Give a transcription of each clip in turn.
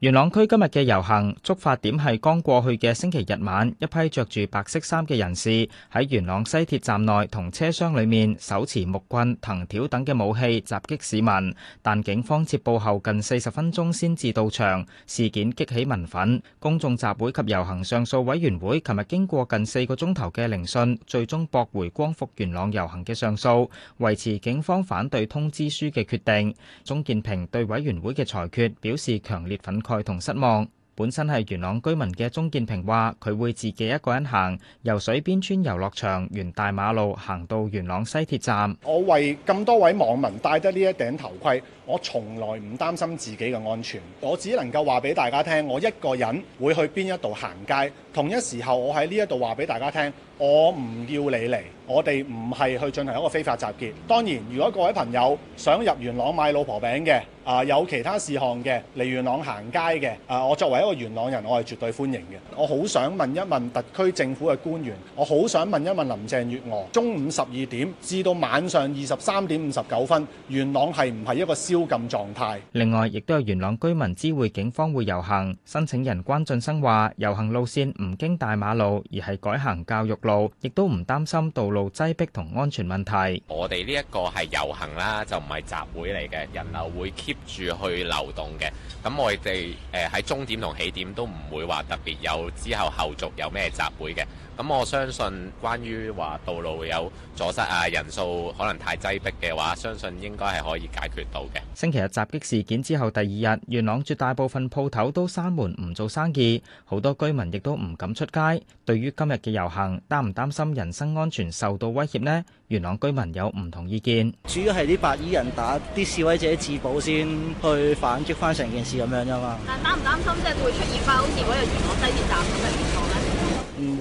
元朗區今日嘅遊行觸發點係剛過去嘅星期日晚，一批着住白色衫嘅人士喺元朗西鐵站內同車廂裡面手持木棍、藤條等嘅武器襲擊市民。但警方接報後近四十分鐘先至到場。事件激起民憤，公眾集會及遊行上訴委員會琴日經過近四個鐘頭嘅聆訊，最終駁回光復元朗遊行嘅上訴，維持警方反對通知書嘅決定。鍾健平對委員會嘅裁決表示強烈憤慨。害同失望，本身係元朗居民嘅鍾健平話佢會自己一個人行，由水邊村遊樂場、沿大馬路行到元朗西鐵站。我為咁多位網民戴得呢一頂頭盔，我從來唔擔心自己嘅安全。我只能夠話俾大家聽，我一個人會去邊一度行街。同一時候，我喺呢一度話俾大家聽。我唔要你嚟，我哋唔係去進行一個非法集結。當然，如果各位朋友想入元朗買老婆餅嘅，啊，有其他事項嘅，嚟元朗行街嘅，啊，我作為一個元朗人，我係絕對歡迎嘅。我好想問一問特區政府嘅官員，我好想問一問林鄭月娥，中午十二點至到晚上二十三點五十九分，元朗係唔係一個宵禁狀態？另外，亦都有元朗居民知會警方會遊行。申請人關俊生話：遊行路線唔經大馬路，而係改行教育路。亦都唔擔心道路擠迫同安全問題。我哋呢一個係遊行啦，就唔係集會嚟嘅，人流會 keep 住去流動嘅。咁我哋誒喺終點同起點都唔會話特別有之後後續有咩集會嘅。咁我相信關於話道路有阻塞啊，人數可能太擠迫嘅話，相信應該係可以解決到嘅。星期日襲擊事件之後第二日，元朗絕大部分鋪頭都閂門唔做生意，好多居民亦都唔敢出街。對於今日嘅遊行，擔唔擔心人身安全受到威脅呢？元朗居民有唔同意見，主要係啲白衣人打啲示威者自保先去反擊翻成件事咁樣啫嘛。但擔唔擔心即係會出現翻好似嗰日元朗西鐵站咁嘅情況咧？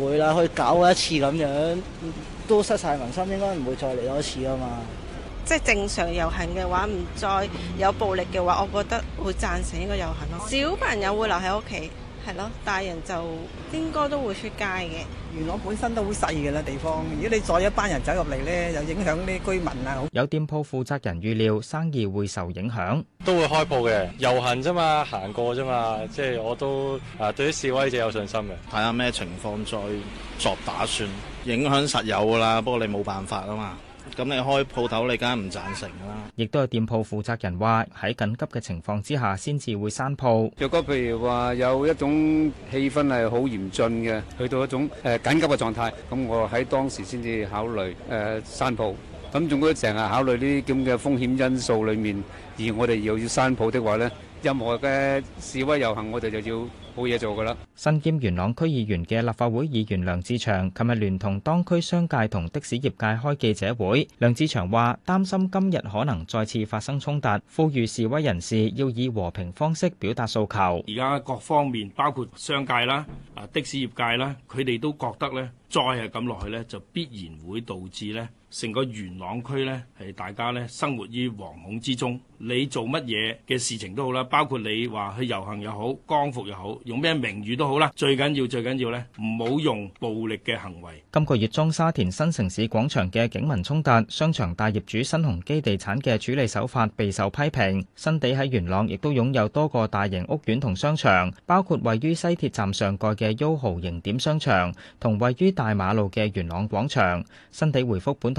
唔會啦，去搞一次咁樣都失晒民心，應該唔會再嚟多次啊嘛。即係正常遊行嘅話，唔再有暴力嘅話，我覺得會贊成呢個遊行咯。小朋友會留喺屋企。係咯，大人就應該都會出街嘅。元朗本身都好細嘅啦，地方如果你再一班人走入嚟咧，又影響啲居民啊。有店鋪負責人預料生意會受影響，都會開鋪嘅，遊行啫嘛，行過啫嘛，即係我都啊，對於示威者有信心嘅。睇下咩情況再作打算，影響實有噶啦，不過你冇辦法啊嘛。咁你開鋪頭，你梗係唔讚成啦。亦都有店鋪負責人話：喺緊急嘅情況之下，先至會閂鋪。若果譬如話有一種氣氛係好嚴峻嘅，去到一種誒緊急嘅狀態，咁我喺當時先至考慮誒閂鋪。咁仲要成日考慮呢啲咁嘅風險因素裏面，而我哋又要閂鋪的話咧，任何嘅示威遊行，我哋就要。冇嘢做㗎啦！身兼元朗區議員嘅立法會議員梁志祥，琴日聯同當區商界同的士業界開記者會。梁志祥話：擔心今日可能再次發生衝突，呼籲示威人士要以和平方式表達訴求。而家各方面包括商界啦、啊的士業界啦，佢哋都覺得咧，再係咁落去咧，就必然會導致咧。成個元朗區呢，係大家呢生活於惶恐之中。你做乜嘢嘅事情都好啦，包括你話去遊行又好，光復又好，用咩名譽都好啦。最緊要、最緊要呢，唔好用暴力嘅行為。今個月中沙田新城市廣場嘅警民衝突，商場大業主新鴻基地產嘅處理手法備受批評。新地喺元朗亦都擁有多個大型屋苑同商場，包括位於西鐵站上蓋嘅優豪營點商場，同位於大馬路嘅元朗廣場。新地回覆本土。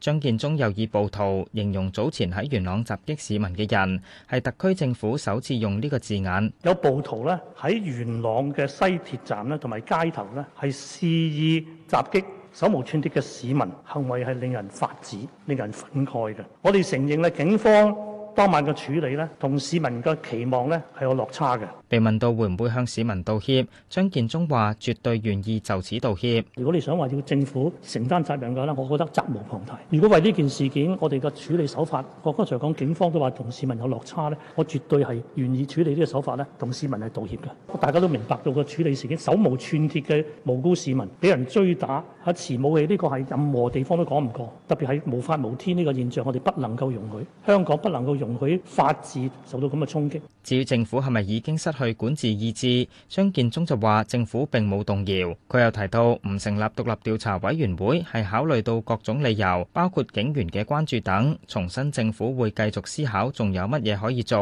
張建宗又以暴徒形容早前喺元朗襲擊市民嘅人，係特區政府首次用呢個字眼。有暴徒呢，喺元朗嘅西鐵站咧，同埋街頭呢，係肆意襲擊手無寸鐵嘅市民，行為係令人髮指、令人憤慨嘅。我哋承認咧，警方。當晚嘅處理咧，同市民嘅期望咧係有落差嘅。被問到會唔會向市民道歉，張建宗話：絕對願意就此道歉。如果你想話要政府承擔責任嘅話咧，我覺得責無旁貸。如果為呢件事件我哋嘅處理手法，我剛才講警方都話同市民有落差咧，我絕對係願意處理呢個手法咧，同市民係道歉嘅。大家都明白到個處理事件手無寸鐵嘅無辜市民俾人追打，持武器，呢個係任何地方都講唔過，特別係無法無天呢個現象，我哋不能夠容許，香港不能夠，容許法治受到咁嘅衝擊。至於政府係咪已經失去管治意志？張建宗就話：政府並冇動搖。佢又提到，唔成立獨立調查委員會係考慮到各種理由，包括警員嘅關注等。重申政府會繼續思考，仲有乜嘢可以做。